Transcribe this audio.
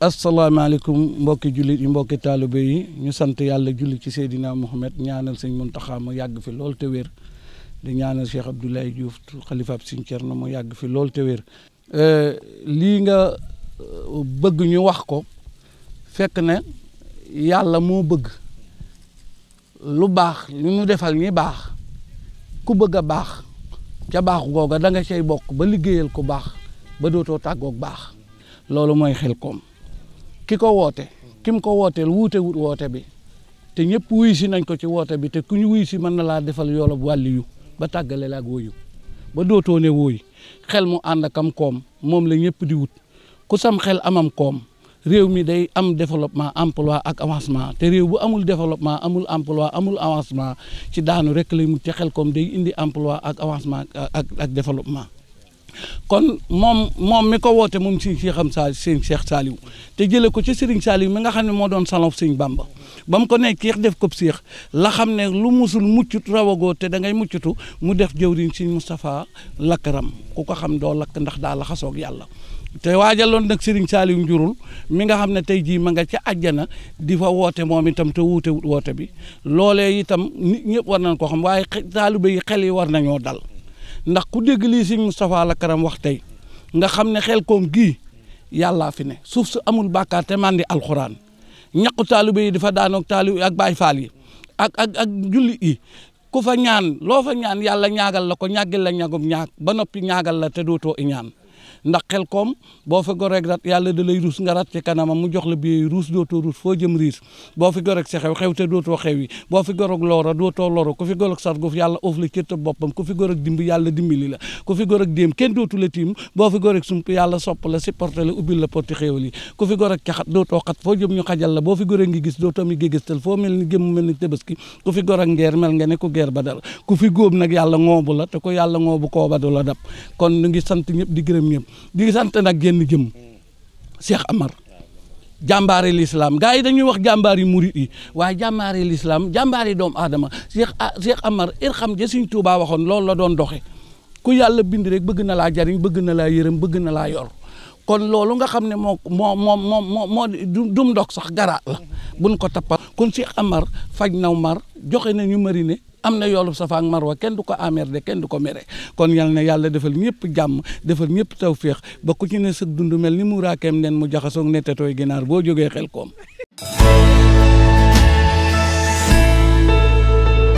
asalaamaaleykum mbokki jullit yi mbokki taalibe yi ñu sant yàlla julli ci Seydina Mohamed ñaanal sëñ Muntaxa mu yàgg fi lool te wér di ñaanal juuf tu Diouf xalifaab sëñ Cerno mu yàgg fi lool te wér lii nga uh, bëgg ñu wax ko fekk ne yàlla moo bëgg lu baax li mu defal ñi baax ku bëgg baax ca baax googa danga sey bokk ba liggéeyal ku baax ba dootoo tàggoog baax loolu mooy xel koom ki ko woote kim ko wooteel wuute wut woote bi te ñëpp wuy si nañ ko ci woote bi te ku ñu wuy si mën na laa defal yoolab wàlliyu ba tàggale la ak ba dootoo ne xel mu ànd ak am moom la ñëpp di wut ku sam xel amam koom réew mi day am développement emploi ak avancement te réew bu amul développement amul emploi amul avancement ci daanu rek lay mucc xel koom day indi emploi ak avancement ak ak développement kon moom moom mi ko woote moom si Cheikh am Saliou sëñ Cheikh te jëlee ko ci Serigne Saliou mi xam ne moo doon salof sëñ Bamba ba mu ko nekk Cheikh def ko Cheikh la xam ne lu musul muccut rawagoo te da ngay muccutu mu def jëwriñ sëñ Moustapha lakkaram ku ko xam doo lakk ndax daal la xasoog yàlla te waajaloon nag Serigne Saliou njurul mi nga xam ne tey jii ma nga ca àjjana di fa woote moom itam te wuute woote bi loole itam nit ñëpp war nañ ko xam waaye taalibe yi xel yi war nañoo dal ndax ku dégg lii sëñ Moustapha karam wax tey nga xam ne xel koom gii yàllaa fi ne suuf su amul bàkkaar te mandi alxuraan ñaqu taalibe yi dafa daanoog taalibe ak baay faal yi ak ak ak julli yi ku fa ñaan loo fa ñaan yàlla ñaagal la ko ñàggil la ñagum ñaag ba noppi ñaagal la te dootoo i ñaan ndax xel koom boo fa gorek rat yàlla da lay ruus nga rat ci kanamam mu jox la biyeeyu ruus dootoo ruus foo jëm riir boo fi gorek sa xew te dootoo xew yi boo fi gorok loora dootoo loro ku fi gorok ku fi gorok dimbi yàlla dimbali la ku fi gorok déem kenn dootu la tiim boo fi gorek sump yàlla sopp la la ubbil la porti xéewal yi ku fi gorek caxat dootoo xat foo jëm ñu xajal la boo fi gorek ngi gis dootoo mi gégistal foo mel ni gëm mel ni tabaski ku fi gorok ngeer mel nga ne ku geer ku fi góob nag yàlla ngoobu la te ko yàlla ngoobu koo du la dab kon ñu ngi sant ñëpp di gërëm ñëpp di sant nag génn jëm Cheikh Amar jàmbaare lislaam gaa yi dañuy wax jàmbaar yi murit waaye jàmbaare lislaam jàmbaar yi doomu aadama Cheikh Cheikh Amar ir xam ja Sëriñ Tuubaa waxoon loolu la doon doxe ku yàlla bind rek bëgg na laa jariñ bëgg na laa yërëm bëgg na laa yor kon loolu nga xam ne moo moo moo dum ndox sax garaat la buñ ko tappal kon Cheikh Amar faj naw mar joxe na ñu marine am na yoolu safa ak marwa kenn du ko amerde kenn du ko mere kon yal na yàlla defal ñëpp jàmm defal ñëpp tawféex ba ku ci ne sa dund mel ni mu raakeem nen mu jaxasoog ne tetooy ginaar boo jogee xel koom